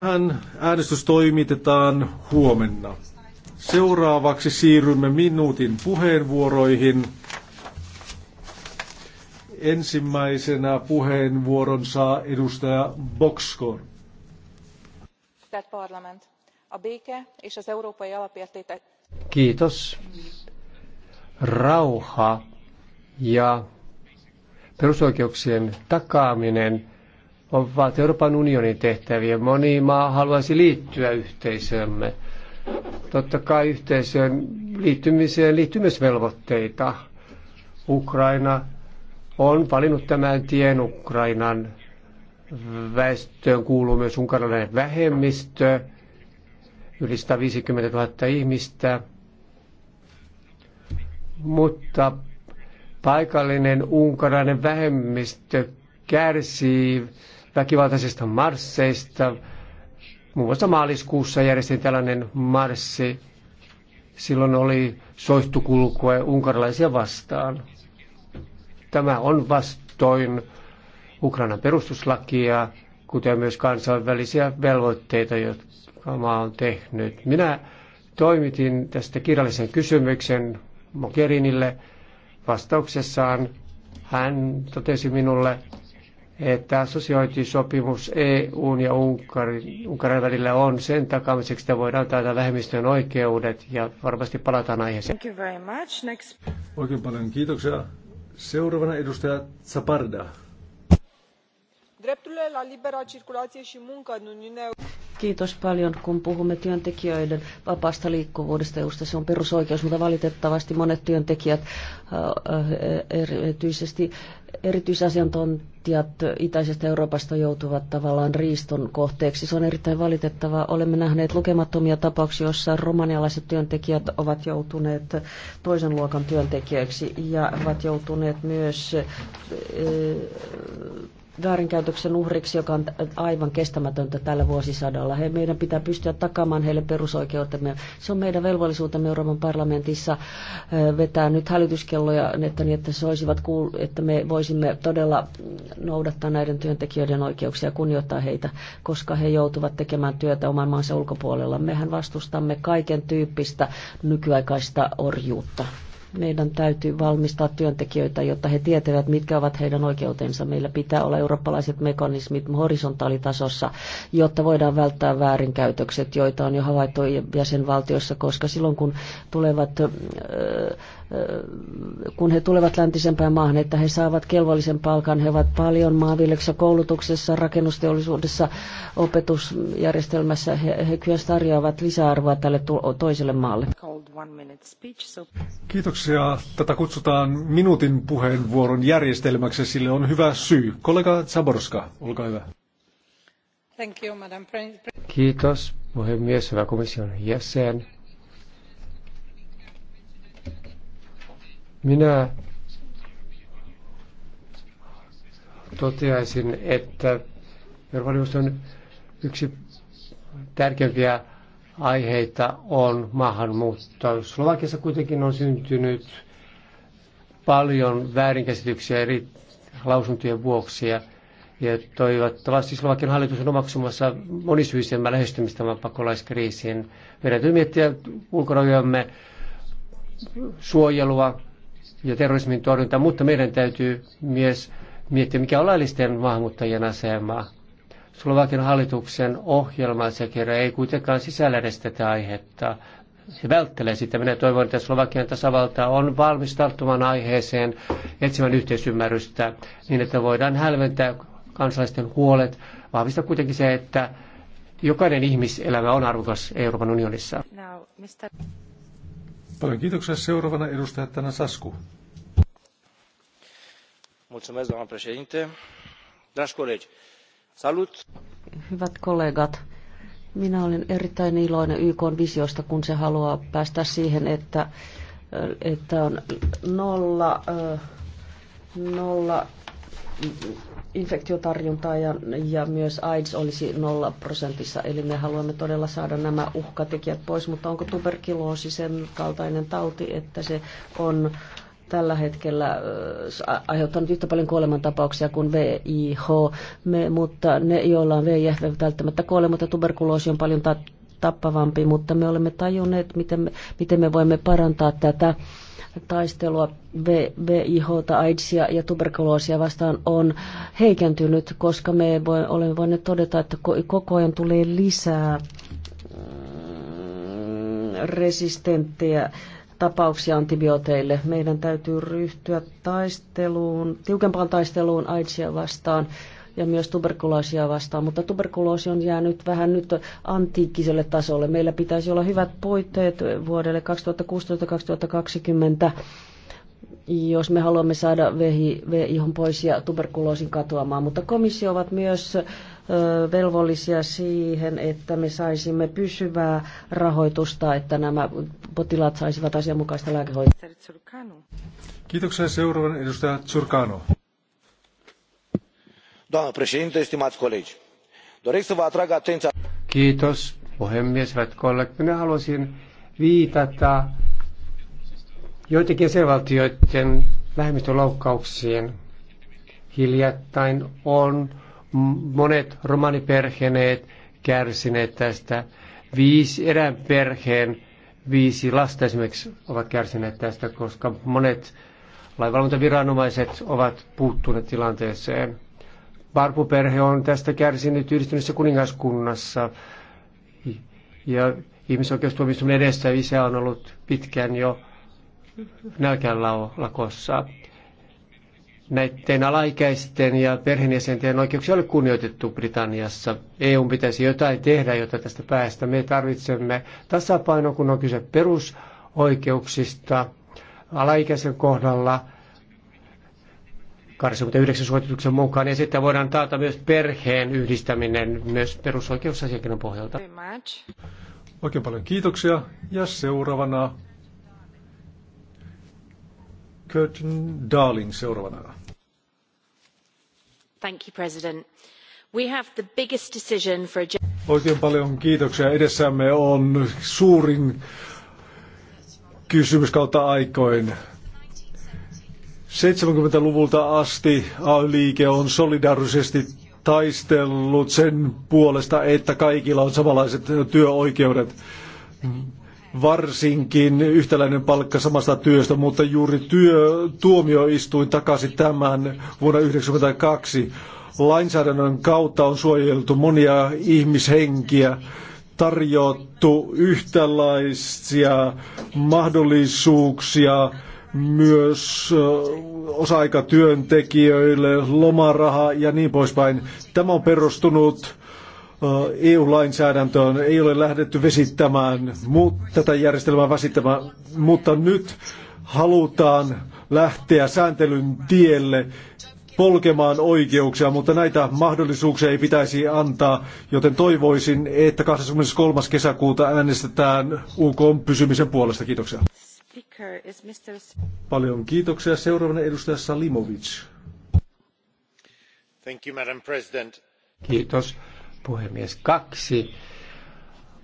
Tähän äänestys toimitetaan huomenna. Seuraavaksi siirrymme minuutin puheenvuoroihin. Ensimmäisenä puheenvuoron saa edustaja Boxkor. Kiitos. Rauha ja perusoikeuksien takaaminen – ovat Euroopan unionin tehtäviä. Moni maa haluaisi liittyä yhteisöömme. Totta kai yhteisöön liittymiseen liittyy myös velvoitteita. Ukraina on valinnut tämän tien Ukrainan väestöön kuuluu myös unkarilainen vähemmistö, yli 150 000 ihmistä. Mutta paikallinen unkarilainen vähemmistö kärsii väkivaltaisista marsseista. Muun muassa maaliskuussa järjestin tällainen marssi. Silloin oli soihtukulkue unkarilaisia vastaan. Tämä on vastoin Ukrainan perustuslakia, kuten myös kansainvälisiä velvoitteita, jotka maa on tehnyt. Minä toimitin tästä kirjallisen kysymyksen Mogherinille. Vastauksessaan hän totesi minulle, että assosiointisopimus EUn ja Unkarin, Unkarin välillä on sen takamiseksi, että voidaan taata vähemmistön oikeudet ja varmasti palataan aiheeseen. Thank you very much. Next. Oikein paljon kiitoksia. Seuraavana edustaja Zaparda. Drepturile la libera circulație și muncă în Uniunea Kiitos paljon, kun puhumme työntekijöiden vapaasta liikkuvuudesta, Just se on perusoikeus, mutta valitettavasti monet työntekijät, äh, äh, erityisesti erityisasiantuntijat itäisestä Euroopasta joutuvat tavallaan riiston kohteeksi. Se on erittäin valitettavaa. Olemme nähneet lukemattomia tapauksia, joissa romanialaiset työntekijät ovat joutuneet toisen luokan työntekijöiksi ja ovat joutuneet myös äh, väärinkäytöksen uhriksi, joka on aivan kestämätöntä tällä vuosisadalla. He, meidän pitää pystyä takaamaan heille perusoikeutemme. Se on meidän velvollisuutemme Euroopan parlamentissa vetää nyt hälytyskelloja, että, niin, että, se olisivat kuul- että me voisimme todella noudattaa näiden työntekijöiden oikeuksia ja kunnioittaa heitä, koska he joutuvat tekemään työtä oman maansa ulkopuolella. Mehän vastustamme kaiken tyyppistä nykyaikaista orjuutta. Meidän täytyy valmistaa työntekijöitä, jotta he tietävät, mitkä ovat heidän oikeutensa. Meillä pitää olla eurooppalaiset mekanismit horisontaalitasossa, jotta voidaan välttää väärinkäytökset, joita on jo havaittu jäsenvaltioissa, koska silloin kun tulevat kun he tulevat läntisempään maahan, että he saavat kelvollisen palkan. He ovat paljon maanviljelyksessä, koulutuksessa, rakennusteollisuudessa, opetusjärjestelmässä. He, he kyllä tarjoavat lisäarvoa tälle toiselle maalle. Kiitoksia. Tätä kutsutaan minuutin puheenvuoron järjestelmäksi. Sille on hyvä syy. Kollega Zaborska, olkaa hyvä. Thank you, Madam Kiitos, puhemies, hyvä komission jäsen Minä toteaisin, että Euroopan neuvoston yksi tärkeimpiä aiheita on maahanmuutto. Slovakiassa kuitenkin on syntynyt paljon väärinkäsityksiä eri lausuntojen vuoksi ja, ja toivottavasti Slovakian hallitus on omaksumassa monisyisemmän lähestymistämään pakolaiskriisiin. Meidän täytyy miettiä ulkorajojamme suojelua ja terrorismin torjunta, mutta meidän täytyy myös miettiä, mikä on laillisten maahanmuuttajien asema. Slovakian hallituksen kerran ei kuitenkaan sisällä edes tätä aihetta. Se välttelee sitä. Minä toivon, että Slovakian tasavalta on valmis tarttumaan aiheeseen etsimään yhteisymmärrystä niin, että voidaan hälventää kansalaisten huolet. Vahvistaa kuitenkin se, että jokainen ihmiselämä on arvokas Euroopan unionissa. Now, Mr. Paljon kiitoksia. Seuraavana edustaja Tänä Sasku. Mulțumesc, doamna președinte. Dragi colegi, salut! Hyvät kollegat, minä olen erittäin iloinen YK visiosta, kun se haluaa päästä siihen, että, että on nolla, nolla infektiotarjuntaa ja, ja myös AIDS olisi nolla prosentissa. Eli me haluamme todella saada nämä uhkatekijät pois, mutta onko tuberkuloosi sen kaltainen tauti, että se on tällä hetkellä äh, aiheuttanut yhtä paljon kuolemantapauksia kuin VIH, me, mutta ne, joilla on VIH, välttämättä kuole, mutta tuberkuloosi on paljon ta- tappavampi, mutta me olemme tajunneet, miten me, miten me voimme parantaa tätä taistelua VIH, AIDSia ja tuberkuloosia vastaan on heikentynyt, koska me voi, olemme voineet todeta, että koko ajan tulee lisää mm, resistenttejä tapauksia antibiooteille. Meidän täytyy ryhtyä taisteluun, tiukempaan taisteluun AIDSia vastaan ja myös tuberkuloosia vastaan, mutta tuberkuloosi on jäänyt vähän nyt antiikkiselle tasolle. Meillä pitäisi olla hyvät puitteet vuodelle 2016-2020 jos me haluamme saada vehi, ihon pois ja tuberkuloosin katoamaan. Mutta komissio ovat myös ö, velvollisia siihen, että me saisimme pysyvää rahoitusta, että nämä potilaat saisivat asianmukaista lääkehoitoa. Kiitoksia seuraavan edustaja Tsurkano doamnă președintă stimați colegi doresc să vă atrag atenția. Kiitos puhemies, hyvät kollegat. Minä haluaisin viitata joitakin jäsenvaltioiden vähemmistöloukkauksiin. Hiljattain on monet romaniperheneet kärsineet tästä. Viisi erään perheen viisi lasta esimerkiksi ovat kärsineet tästä, koska monet lainvalvontaviranomaiset ovat puuttuneet tilanteeseen. Barbuperhe on tästä kärsinyt yhdistyneessä kuningaskunnassa. Ja ihmisoikeustuomioistuimen edessä isä on ollut pitkään jo nälkänlakossa. Näiden alaikäisten ja perheenjäsenten oikeuksia oli kunnioitettu Britanniassa. EU pitäisi jotain tehdä, jotta tästä päästä. Me tarvitsemme tasapainoa, kun on kyse perusoikeuksista alaikäisen kohdalla – 89 suosituksen mukaan, ja sitten voidaan taata myös perheen yhdistäminen myös perusoikeusasiakirjan pohjalta. Oikein paljon kiitoksia, ja seuraavana Curtin Darling seuraavana. Thank you, President. We have the biggest decision for... Oikein paljon kiitoksia. Edessämme on suurin kysymys kautta aikoin. 70-luvulta asti AY-liike on solidaarisesti taistellut sen puolesta, että kaikilla on samanlaiset työoikeudet. Varsinkin yhtäläinen palkka samasta työstä, mutta juuri työ, tuomioistuin takaisin tämän vuonna 1992. Lainsäädännön kautta on suojeltu monia ihmishenkiä, tarjottu yhtäläisiä mahdollisuuksia myös osa-aikatyöntekijöille, lomaraha ja niin poispäin. Tämä on perustunut EU-lainsäädäntöön, ei ole lähdetty vesittämään tätä järjestelmää vesittämään, mutta nyt halutaan lähteä sääntelyn tielle polkemaan oikeuksia, mutta näitä mahdollisuuksia ei pitäisi antaa, joten toivoisin, että 23. kesäkuuta äänestetään UK pysymisen puolesta. Kiitoksia. Paljon kiitoksia. Seuraavana edustaja Salimovic. Thank you, Madam President. Kiitos, puhemies. Kaksi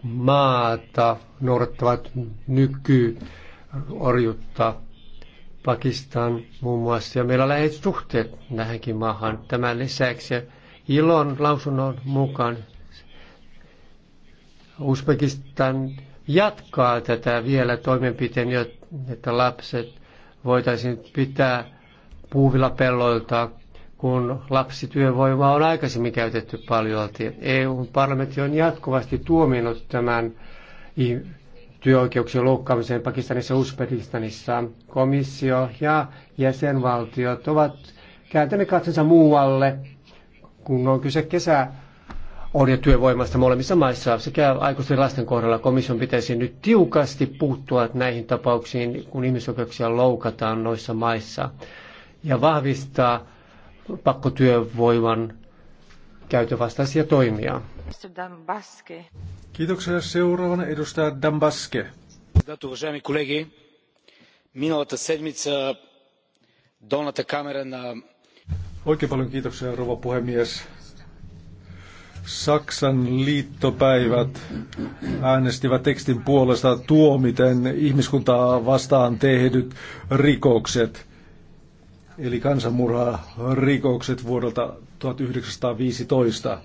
maata noudattavat nykyorjutta Pakistan muun muassa, ja meillä on läheiset suhteet nähänkin maahan. Tämän lisäksi ilon lausunnon mukaan Uzbekistan jatkaa tätä vielä toimenpiteen, että lapset voitaisiin pitää puuvilla pelloilta, kun lapsityövoimaa on aikaisemmin käytetty paljon. EU-parlamentti on jatkuvasti tuominnut tämän työoikeuksien loukkaamisen Pakistanissa ja Uzbekistanissa. Komissio ja jäsenvaltiot ovat kääntäneet katsensa muualle, kun on kyse kesä orjatyövoimasta molemmissa maissa sekä aikuisten lasten kohdalla komission pitäisi nyt tiukasti puuttua näihin tapauksiin, kun ihmisoikeuksia loukataan noissa maissa ja vahvistaa pakkotyövoiman käytövastaisia toimia. Kiitoksia. Seuraavana edustaja Dambaske. Уважаеми колеги, миналата седмица долната Oikein paljon kiitoksia, rouva puhemies. Saksan liittopäivät äänestivät tekstin puolesta tuomiten ihmiskuntaa vastaan tehdyt rikokset, eli rikokset vuodelta 1915.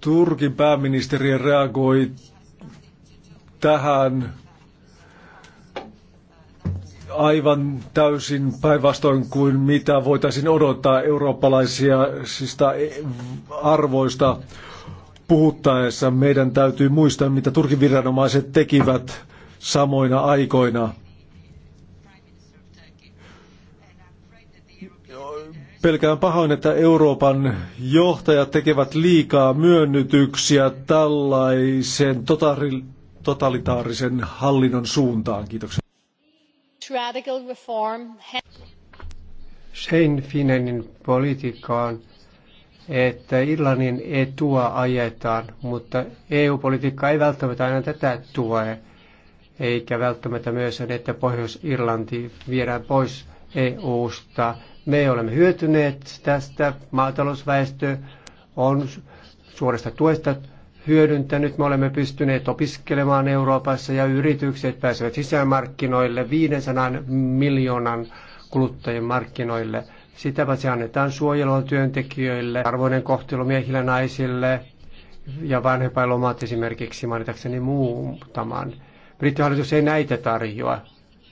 Turkin pääministeri reagoi tähän aivan täysin päinvastoin kuin mitä voitaisiin odottaa eurooppalaisista siis arvoista puhuttaessa. Meidän täytyy muistaa, mitä Turkin viranomaiset tekivät samoina aikoina. Pelkään pahoin, että Euroopan johtajat tekevät liikaa myönnytyksiä tällaisen totari- totalitaarisen hallinnon suuntaan. Kiitoksia. Shane Finnenin politiikka on, että Irlannin etua ajetaan, mutta EU-politiikka ei välttämättä aina tätä tue, eikä välttämättä myöskään, että Pohjois-Irlanti viedään pois EU-sta. Me olemme hyötyneet tästä, maatalousväestö on suorasta tuesta hyödyntänyt. Me olemme pystyneet opiskelemaan Euroopassa ja yritykset pääsevät sisämarkkinoille 500 miljoonan kuluttajien markkinoille. Sitä se annetaan suojelua työntekijöille, arvoinen kohtelu miehillä naisille ja vanhempailomat esimerkiksi mainitakseni muutaman. Brittihallitus ei näitä tarjoa.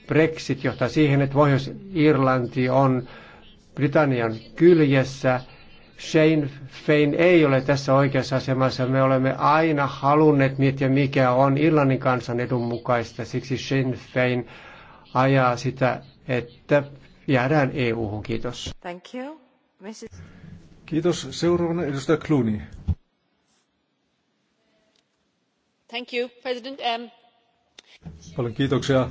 Brexit johtaa siihen, että Pohjois-Irlanti on Britannian kyljessä – Shane Fein ei ole tässä oikeassa asemassa. Me olemme aina halunneet miettiä, mikä on Irlannin kansan edun mukaista. Siksi Shane Fein ajaa sitä, että jäädään EU-hun. Kiitos. Thank you. Mrs. Kiitos. Seuraavana edustaja Clooney. Thank you, President. Um... Paljon kiitoksia,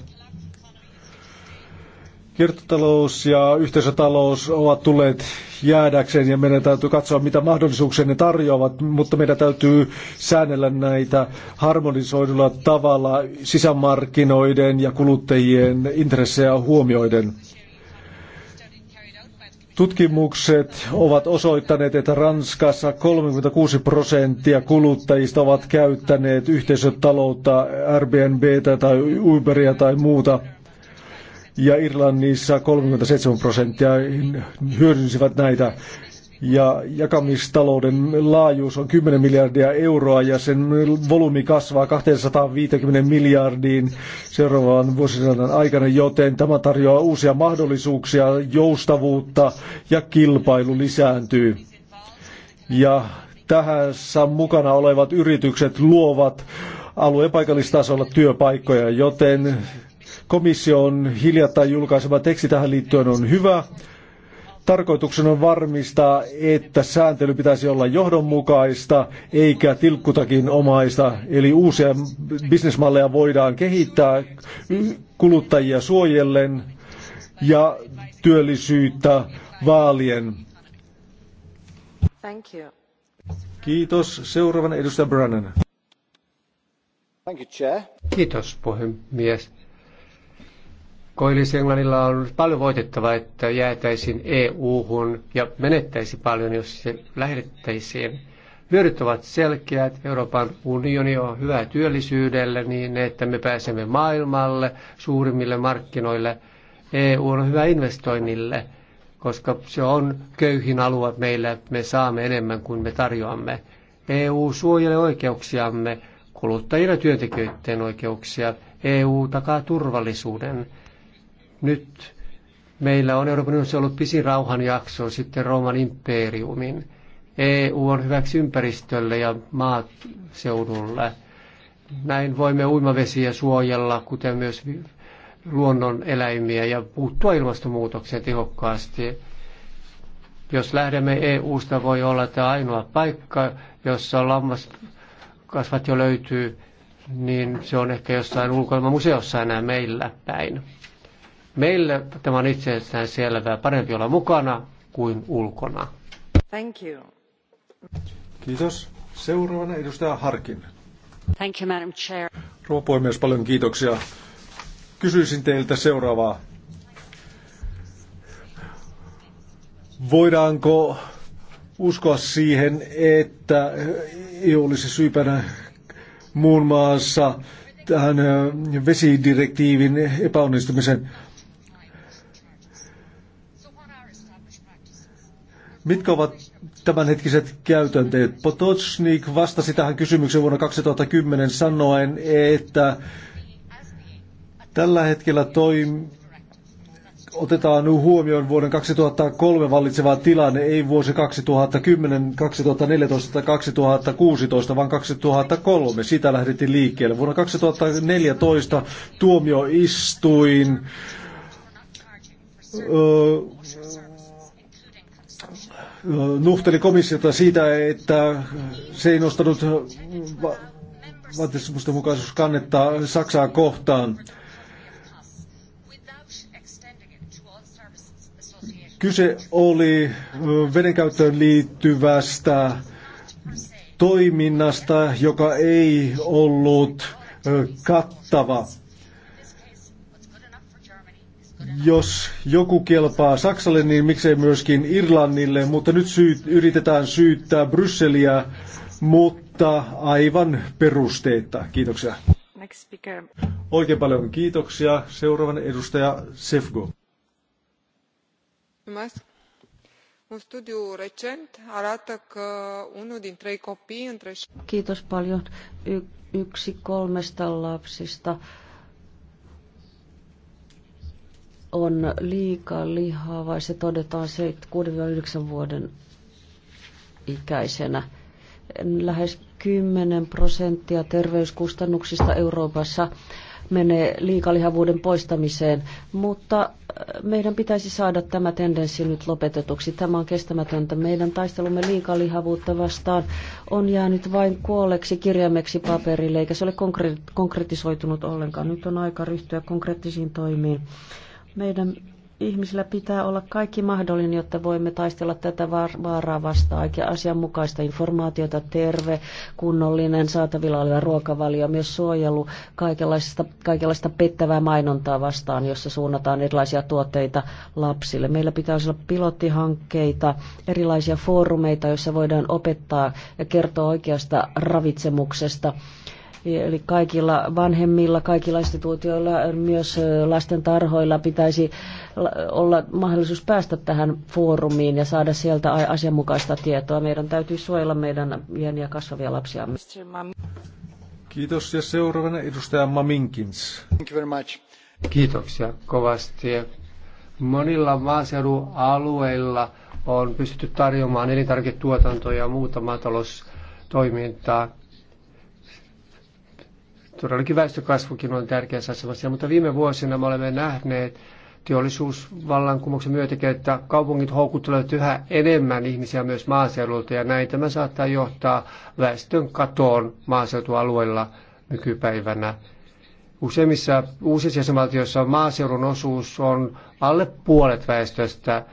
Kiertotalous ja yhteisötalous ovat tulleet jäädäkseen ja meidän täytyy katsoa, mitä mahdollisuuksia ne tarjoavat, mutta meidän täytyy säännellä näitä harmonisoidulla tavalla sisämarkkinoiden ja kuluttajien intressejä huomioiden. Tutkimukset ovat osoittaneet, että Ranskassa 36 prosenttia kuluttajista ovat käyttäneet yhteisötaloutta, Airbnbtä tai Uberia tai muuta – ja Irlannissa 37 prosenttia hyödynsivät näitä. Ja jakamistalouden laajuus on 10 miljardia euroa ja sen volyymi kasvaa 250 miljardiin seuraavan vuosisadan aikana, joten tämä tarjoaa uusia mahdollisuuksia, joustavuutta ja kilpailu lisääntyy. Ja tähän mukana olevat yritykset luovat alueen paikallistasolla työpaikkoja, joten Komission hiljattain julkaisema teksti tähän liittyen on hyvä. Tarkoituksena on varmistaa, että sääntely pitäisi olla johdonmukaista eikä tilkkutakin omaista, eli uusia bisnesmalleja voidaan kehittää kuluttajia suojellen ja työllisyyttä vaalien. Thank you. Kiitos. Seuraavana edustaja Brannan. Kiitos puhemies. Koillis-Englannilla on paljon voitettavaa, että jäätäisiin EU-hun ja menettäisi paljon, jos se lähdettäisiin. Hyödyt ovat selkeät. Euroopan unioni on hyvä työllisyydelle niin, että me pääsemme maailmalle, suurimmille markkinoille. EU on hyvä investoinnille, koska se on köyhin alue meillä. Me saamme enemmän kuin me tarjoamme. EU suojelee oikeuksiamme, kuluttajien ja työntekijöiden oikeuksia. EU takaa turvallisuuden. Nyt meillä on Euroopan unionissa ollut pisin rauhanjakso sitten Rooman imperiumin. EU on hyväksi ympäristölle ja maaseudulle. Näin voimme uimavesiä suojella, kuten myös luonnon eläimiä ja puuttua ilmastonmuutokseen tehokkaasti. Jos lähdemme EUsta voi olla tämä ainoa paikka, jossa lammaskasvat jo löytyy, niin se on ehkä jossain ulkoilmamuseossa enää meillä päin. Meille tämä on itsestään selvää. Parempi olla mukana kuin ulkona. Thank you. Kiitos. Seuraavana edustaja Harkin. Thank you, Madam Chair. Rouva puhemies, paljon kiitoksia. Kysyisin teiltä seuraavaa. Voidaanko uskoa siihen, että ei olisi syypänä muun maassa tähän vesidirektiivin epäonnistumisen Mitkä ovat tämänhetkiset käytänteet? Potocnik vastasi tähän kysymykseen vuonna 2010 sanoen, että tällä hetkellä toim otetaan huomioon vuoden 2003 vallitseva tilanne, ei vuosi 2010, 2014 tai 2016, vaan 2003. Sitä lähdettiin liikkeelle. Vuonna 2014 tuomioistuin nuhteli komissiota siitä, että se ei nostanut va- mukaisuus kannettaa Saksaa kohtaan. Kyse oli vedenkäyttöön liittyvästä toiminnasta, joka ei ollut kattava. Jos joku kelpaa Saksalle, niin miksei myöskin Irlannille, mutta nyt syyt, yritetään syyttää Brysseliä, mutta aivan perusteetta. Kiitoksia. Next speaker. Oikein paljon kiitoksia. Seuraavan edustaja Sefgo. Un studiu recent arată că unul din trei copii între... Kiitos paljon. Y- yksi kolmesta lapsista on liikaa lihaa vai se todetaan 6-9 vuoden ikäisenä. Lähes 10 prosenttia terveyskustannuksista Euroopassa menee liikalihavuuden poistamiseen, mutta äh, meidän pitäisi saada tämä tendenssi nyt lopetetuksi. Tämä on kestämätöntä. Meidän taistelumme liikalihavuutta vastaan on jäänyt vain kuolleksi kirjaimeksi paperille, eikä se ole konkretisoitunut ollenkaan. Nyt on aika ryhtyä konkreettisiin toimiin. Meidän ihmisillä pitää olla kaikki mahdollinen, jotta voimme taistella tätä vaaraa vastaan. Ja asianmukaista informaatiota, terve, kunnollinen, saatavilla oleva ruokavalio, myös suojelu kaikenlaista, kaikenlaista pettävää mainontaa vastaan, jossa suunnataan erilaisia tuotteita lapsille. Meillä pitää olla pilottihankkeita, erilaisia foorumeita, joissa voidaan opettaa ja kertoa oikeasta ravitsemuksesta Eli kaikilla vanhemmilla, kaikilla instituutioilla, myös lasten tarhoilla pitäisi olla mahdollisuus päästä tähän foorumiin ja saada sieltä asianmukaista tietoa. Meidän täytyy suojella meidän pieniä kasvavia lapsia. Kiitos ja seuraavana edustaja Maminkins. Thank you very much. Kiitoksia kovasti. Monilla maaseudun alueilla on pystytty tarjoamaan elintarviketuotantoa ja muuta maataloustoimintaa. Todellakin väestökasvukin on tärkeässä asemassa, mutta viime vuosina me olemme nähneet teollisuusvallankumouksen myötä, että kaupungit houkuttelevat yhä enemmän ihmisiä myös maaseudulta ja näin tämä saattaa johtaa väestön katoon maaseutualueilla nykypäivänä. Useimmissa uusissa jäsenvaltioissa maaseudun osuus on alle puolet väestöstä.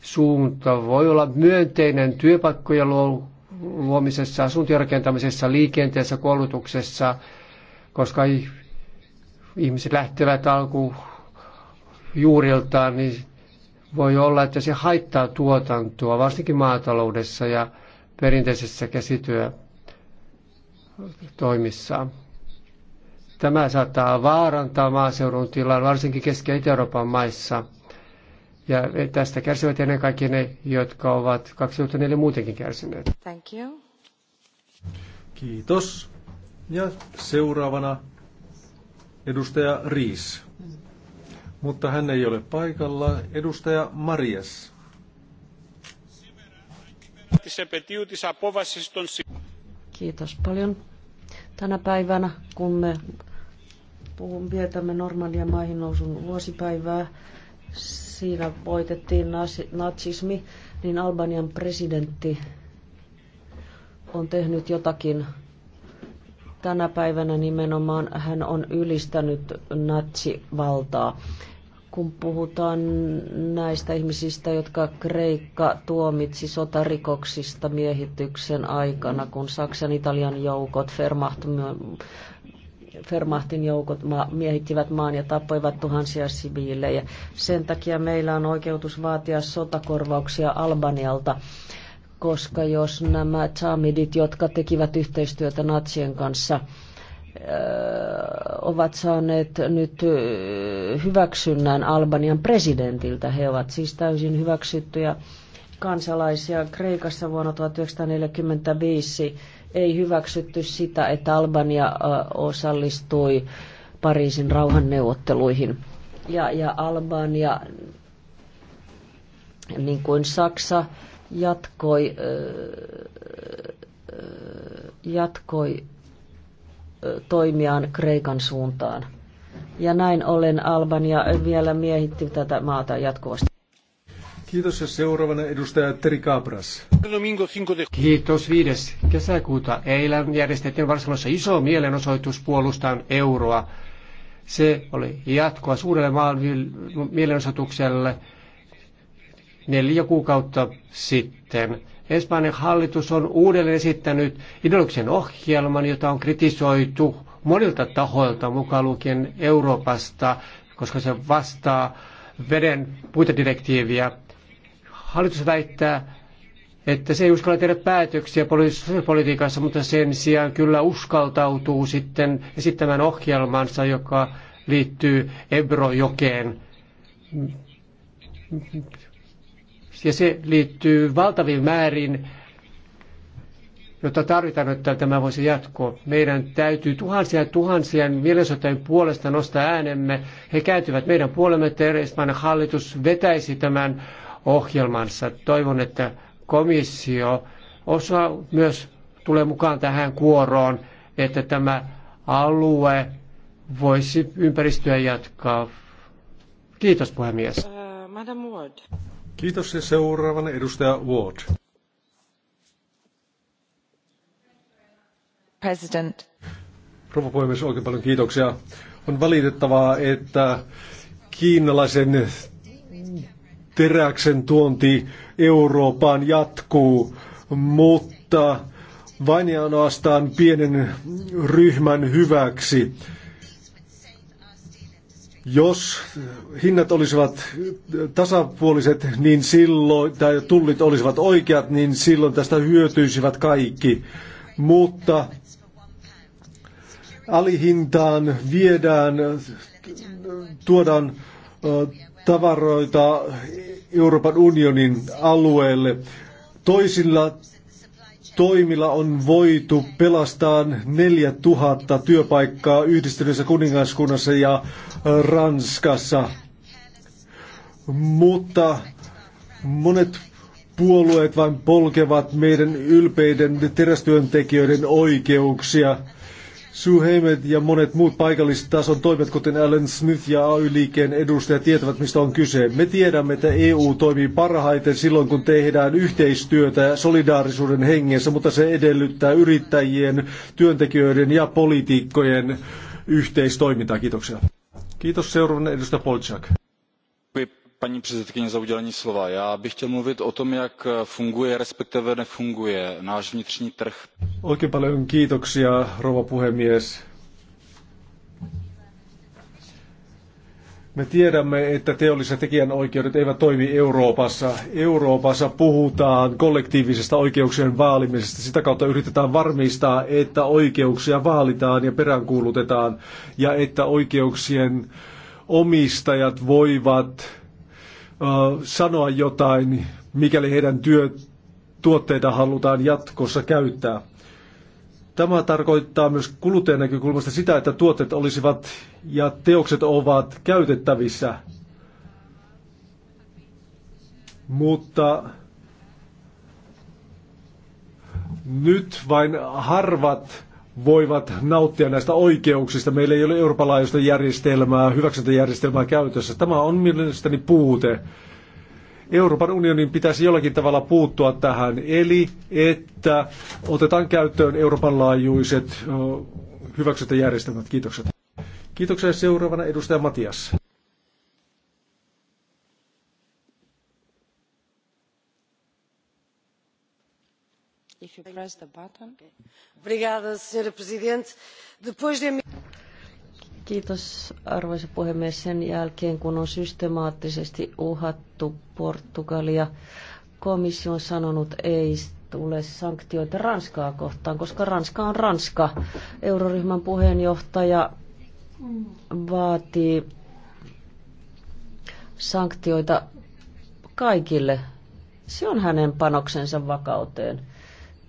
Suunta voi olla myönteinen työpaikkojen luomisessa, asuntojen rakentamisessa, liikenteessä, koulutuksessa – koska ihmiset lähtevät alku juuriltaan, niin voi olla, että se haittaa tuotantoa, varsinkin maataloudessa ja perinteisessä toimissaan. Tämä saattaa vaarantaa maaseudun tilan, varsinkin Keski- ja Itä-Euroopan maissa. Ja tästä kärsivät ennen kaikkea ne, jotka ovat 2004 muutenkin kärsineet. Thank you. Kiitos. Ja seuraavana edustaja Riis. Mutta hän ei ole paikalla. Edustaja Marias. Kiitos paljon. Tänä päivänä, kun me puhun, vietämme Normandian maihin nousun vuosipäivää, siinä voitettiin natsismi, niin Albanian presidentti on tehnyt jotakin Tänä päivänä nimenomaan hän on ylistänyt natsivaltaa. Kun puhutaan näistä ihmisistä, jotka Kreikka tuomitsi sotarikoksista miehityksen aikana, kun Saksan Italian joukot Fermahtin joukot miehittivät maan ja tappoivat tuhansia siviilejä. Sen takia meillä on oikeutus vaatia sotakorvauksia Albanialta koska jos nämä tsaamidit, jotka tekivät yhteistyötä natsien kanssa, ovat saaneet nyt hyväksynnän Albanian presidentiltä. He ovat siis täysin hyväksyttyjä kansalaisia. Kreikassa vuonna 1945 ei hyväksytty sitä, että Albania osallistui Pariisin rauhanneuvotteluihin. Ja, ja Albania, niin kuin Saksa, jatkoi, jatkoi toimiaan Kreikan suuntaan. Ja näin ollen Albania vielä miehitti tätä maata jatkuvasti. Kiitos ja seuraavana edustaja Teri Kaapras. Kiitos. 5. kesäkuuta eilen järjestettiin Varsovassa iso mielenosoitus puolustaan euroa. Se oli jatkoa suurelle maan mielenosoitukselle, neljä kuukautta sitten. Espanjan hallitus on uudelleen esittänyt ideologisen ohjelman, jota on kritisoitu monilta tahoilta, mukaan lukien Euroopasta, koska se vastaa veden puitedirektiiviä. Hallitus väittää, että se ei uskalla tehdä päätöksiä politiikassa, mutta sen sijaan kyllä uskaltautuu sitten esittämään ohjelmansa, joka liittyy Ebrojokeen ja se liittyy valtaviin määrin, jota tarvitaan, että tämä voisi jatkua. Meidän täytyy tuhansia ja tuhansia mielensoittajien puolesta nostaa äänemme. He kääntyvät meidän puolemme, että hallitus vetäisi tämän ohjelmansa. Toivon, että komissio osa myös tulee mukaan tähän kuoroon, että tämä alue voisi ympäristöä jatkaa. Kiitos puhemies. Uh, Madam Ward. Kiitos ja seuraavana edustaja Ward. President. Rouva puhemies, oikein paljon kiitoksia. On valitettavaa, että kiinalaisen teräksen tuonti Eurooppaan jatkuu, mutta vain ja ainoastaan pienen ryhmän hyväksi. Jos hinnat olisivat tasapuoliset, niin silloin, tai tullit olisivat oikeat, niin silloin tästä hyötyisivät kaikki. Mutta alihintaan viedään, tuodaan tavaroita Euroopan unionin alueelle. Toisilla toimilla on voitu pelastaa 4000 työpaikkaa yhdistyneessä kuningaskunnassa ja Ranskassa. Mutta monet puolueet vain polkevat meidän ylpeiden terästyöntekijöiden oikeuksia – Suheimet ja monet muut tason toimet, kuten Alan Smith ja AY-liikkeen edustajat, tietävät, mistä on kyse. Me tiedämme, että EU toimii parhaiten silloin, kun tehdään yhteistyötä solidaarisuuden hengessä, mutta se edellyttää yrittäjien, työntekijöiden ja poliitikkojen yhteistoimintaa. Kiitoksia. Kiitos seuraavana edustaja Polchak paní předsedající já bych chtěl mluvit o tom jak funguje respektive nefunguje náš vnitřní trh. Me tiedämme, että teolliset tekijänoikeudet eivät toimi Euroopassa. Euroopassa puhutaan kollektiivisesta oikeuksien vaalimisesta. Sitä kautta yritetään varmistaa, että oikeuksia vaalitaan ja peräänkuulutetaan ja että oikeuksien omistajat voivat Äh, sanoa jotain, mikäli heidän työ, tuotteita halutaan jatkossa käyttää. Tämä tarkoittaa myös kuluttajan näkökulmasta sitä, että tuotteet olisivat ja teokset ovat käytettävissä, mutta nyt vain harvat voivat nauttia näistä oikeuksista. Meillä ei ole Euroopan laajuista järjestelmää, hyväksyntäjärjestelmää käytössä. Tämä on mielestäni puute. Euroopan unionin pitäisi jollakin tavalla puuttua tähän, eli että otetaan käyttöön Euroopan laajuiset hyväksyntäjärjestelmät. Kiitokset. Kiitoksia seuraavana edustaja Matias. Kiitos arvoisa puhemies. Sen jälkeen kun on systemaattisesti uhattu Portugalia, komissio on sanonut ei tule sanktioita Ranskaa kohtaan, koska Ranska on Ranska. Euroryhmän puheenjohtaja vaatii sanktioita kaikille. Se on hänen panoksensa vakauteen.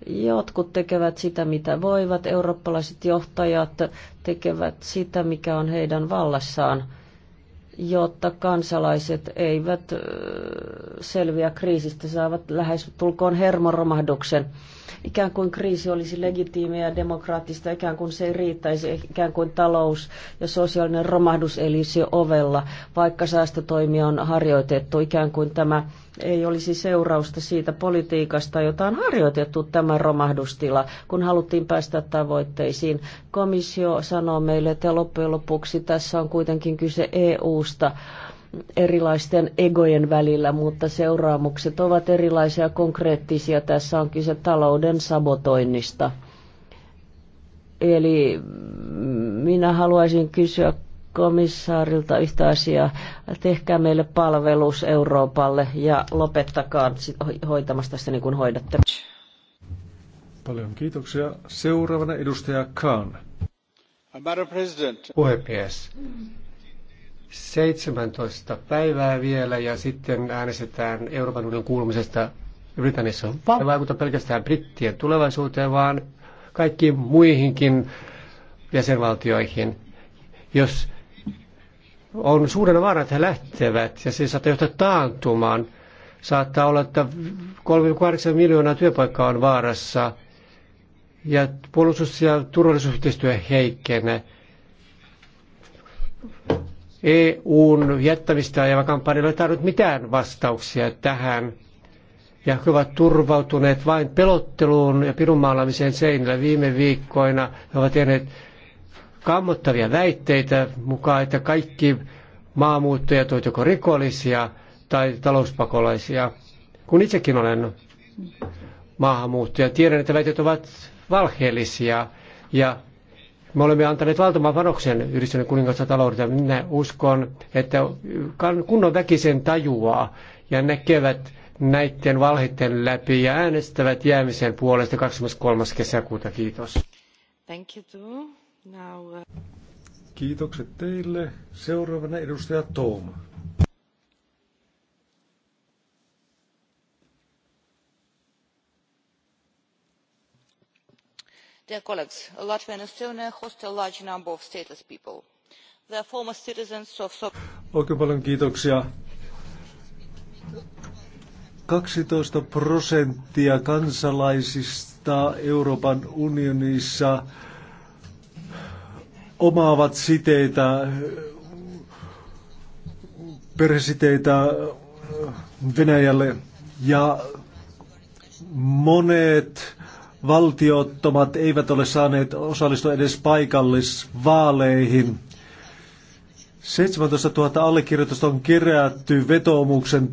Jotkut tekevät sitä, mitä voivat. Eurooppalaiset johtajat tekevät sitä, mikä on heidän vallassaan, jotta kansalaiset eivät selviä kriisistä, saavat lähes tulkoon hermoromahduksen. Ikään kuin kriisi olisi legitiimiä ja demokraattista, ikään kuin se ei riittäisi, ikään kuin talous ja sosiaalinen romahdus elisi ovella, vaikka säästötoimia on harjoitettu, ikään kuin tämä ei olisi seurausta siitä politiikasta, jota on harjoitettu tämä romahdustila, kun haluttiin päästä tavoitteisiin. Komissio sanoo meille, että loppujen lopuksi tässä on kuitenkin kyse EU-sta erilaisten egojen välillä, mutta seuraamukset ovat erilaisia konkreettisia. Tässä on kyse talouden sabotoinnista. Eli minä haluaisin kysyä komissaarilta yhtä asiaa. Tehkää meille palvelus Euroopalle ja lopettakaa hoitamasta sitä niin kuin hoidatte. Paljon kiitoksia. Seuraavana edustaja Kahn. Puhemies, 17 päivää vielä ja sitten äänestetään Euroopan unionin kuulumisesta Britanniassa. Se vaikuttaa pelkästään brittien tulevaisuuteen, vaan kaikkiin muihinkin jäsenvaltioihin. Jos on suurena vaara, että he lähtevät ja se saattaa johtaa taantumaan, saattaa olla, että 3,8 miljoonaa työpaikkaa on vaarassa ja puolustus- ja turvallisuusyhteistyö heikkenee EUn jättämistä ja kampanja ei tarvinnut mitään vastauksia tähän. Ja he ovat turvautuneet vain pelotteluun ja pirunmaalaamiseen seinillä viime viikkoina. He ovat tehneet kammottavia väitteitä mukaan, että kaikki maamuuttajat ovat joko rikollisia tai talouspakolaisia. Kun itsekin olen maahanmuuttaja, tiedän, että väitteet ovat valheellisia ja me olemme antaneet valtavan panoksen yhdistyneen kuningaskunnan taloudesta. minä uskon, että kunnon väkisen tajuaa ja näkevät näiden valheiden läpi ja äänestävät jäämisen puolesta 23. kesäkuuta. Kiitos. Thank you Now, uh... Kiitokset teille. Seuraavana edustaja Tooma. dear colleagues latvia and estonia host a large number of stateless people. they are former citizens of Oikein prosenttia kansalaisista Euroopan unionissa omaavat siteitä, perhesiteitä Venäjälle ja monet valtiottomat eivät ole saaneet osallistua edes paikallisvaaleihin. 17 000 allekirjoitusta on kerätty vetoomuksen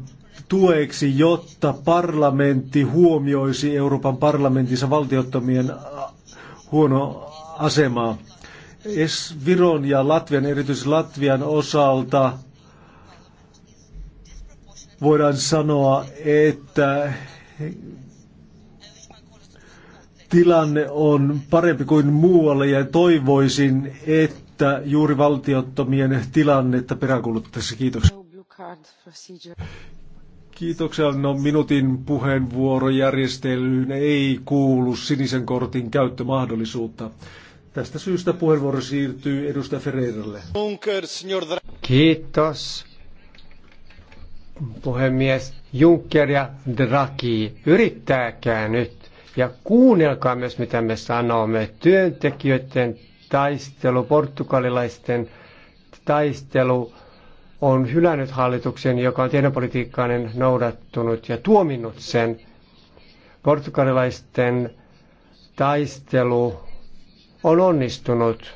tueksi, jotta parlamentti huomioisi Euroopan parlamentissa valtiottomien äh, huono asemaa. Es Viron ja Latvian, erityisesti Latvian osalta voidaan sanoa, että tilanne on parempi kuin muualla ja toivoisin, että juuri valtiottomien tilannetta peräänkuuluttaisiin. Kiitoksia. No Kiitoksia. No minuutin puheenvuorojärjestelyyn ei kuulu sinisen kortin käyttömahdollisuutta. Tästä syystä puheenvuoro siirtyy edustaja Ferreiralle. Kiitos. Puhemies Juncker ja Draghi, yrittääkää nyt ja kuunnelkaa myös, mitä me sanomme. Työntekijöiden taistelu, portugalilaisten taistelu on hylännyt hallituksen, joka on tiedepolitiikkainen noudattunut ja tuominnut sen. Portugalilaisten taistelu on onnistunut.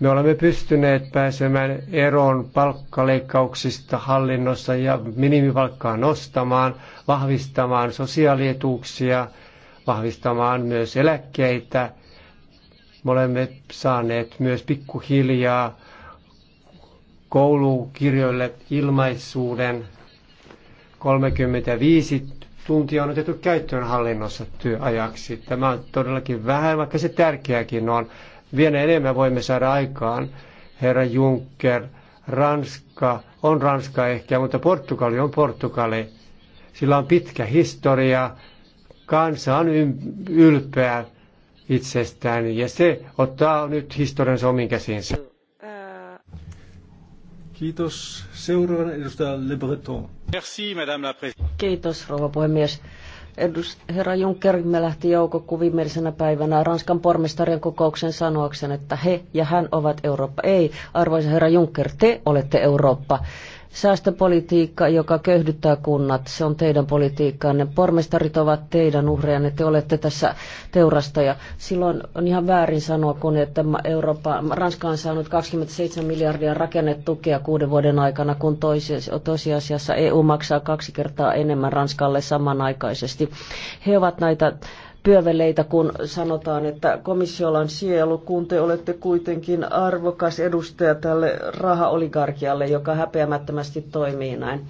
Me olemme pystyneet pääsemään eroon palkkaleikkauksista hallinnossa ja minimipalkkaa nostamaan, vahvistamaan sosiaalietuuksia – vahvistamaan myös eläkkeitä. Me olemme saaneet myös pikkuhiljaa koulukirjoille ilmaisuuden. 35 tuntia on otettu käyttöön hallinnossa työajaksi. Tämä on todellakin vähän, vaikka se tärkeäkin on. Vielä enemmän voimme saada aikaan. Herra Juncker, Ranska on Ranska ehkä, mutta Portugali on Portugali. Sillä on pitkä historia Kansa on ylpeä itsestään ja se ottaa nyt historiansa omiin käsiinsä. Kiitos. Seuraavana edustaja Le Breton. Merci, madame la Kiitos, rouva puhemies. Edus, herra Juncker me lähti joukkokuun viimeisenä päivänä Ranskan pormestarien kokouksen sanoaksen, että he ja hän ovat Eurooppa. Ei, arvoisa herra Juncker, te olette Eurooppa. Säästöpolitiikka, joka köyhdyttää kunnat, se on teidän politiikkaanne. Pormestarit ovat teidän uhrejanne, te olette tässä Ja Silloin on ihan väärin sanoa, kun että Eurooppa, Ranska on saanut 27 miljardia rakennetukea kuuden vuoden aikana, kun tosiasiassa EU maksaa kaksi kertaa enemmän Ranskalle samanaikaisesti. He ovat näitä pyöveleitä, kun sanotaan, että komissiolan sielu, kun te olette kuitenkin arvokas edustaja tälle rahaoligarkialle, joka häpeämättömästi toimii näin.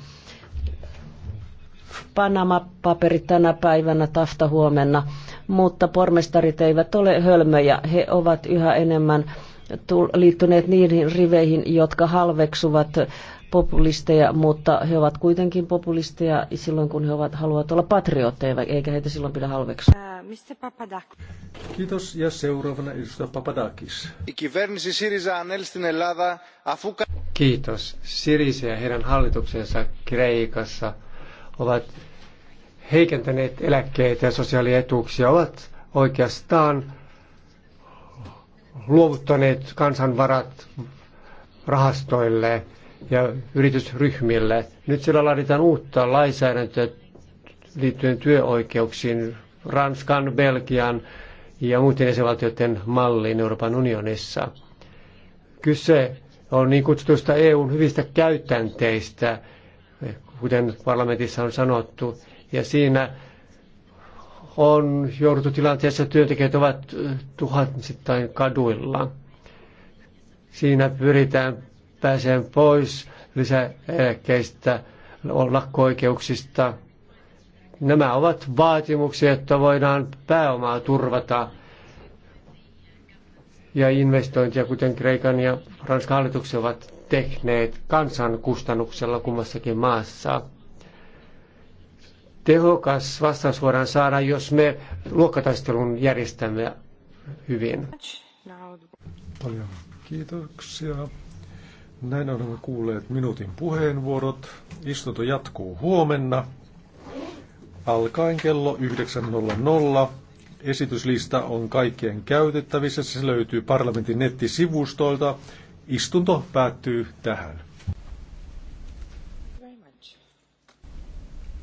Panama-paperit tänä päivänä, tafta huomenna, mutta pormestarit eivät ole hölmöjä. He ovat yhä enemmän liittyneet niihin riveihin, jotka halveksuvat populisteja, mutta he ovat kuitenkin populisteja silloin, kun he ovat, haluavat olla patriotteja, eikä heitä silloin pidä halveksua. Kiitos ja seuraavana edustaja Papadakis. Kiitos. Sirisa ja heidän hallituksensa Kreikassa ovat heikentäneet eläkkeitä ja sosiaalietuuksia, ovat oikeastaan luovuttaneet kansanvarat rahastoille ja yritysryhmillä. Nyt siellä laaditaan uutta lainsäädäntöä liittyen työoikeuksiin Ranskan, Belgian ja muiden jäsenvaltioiden malliin Euroopan unionissa. Kyse on niin kutsutusta EUn hyvistä käytänteistä, kuten parlamentissa on sanottu, ja siinä on jouduttu tilanteessa, että työntekijät ovat tuhansittain kaduilla. Siinä pyritään pääsee pois lisäeläkkeistä, lakko-oikeuksista. Nämä ovat vaatimuksia, että voidaan pääomaa turvata ja investointia, kuten Kreikan ja Ranskan hallitukset ovat tehneet kansan kustannuksella kummassakin maassa. Tehokas vastaus voidaan saada, jos me luokkataistelun järjestämme hyvin. Paljon kiitoksia. Näin olemme kuulleet minuutin puheenvuorot. Istunto jatkuu huomenna alkaen kello 9.00. Esityslista on kaikkien käytettävissä. Se löytyy parlamentin nettisivustoilta. Istunto päättyy tähän.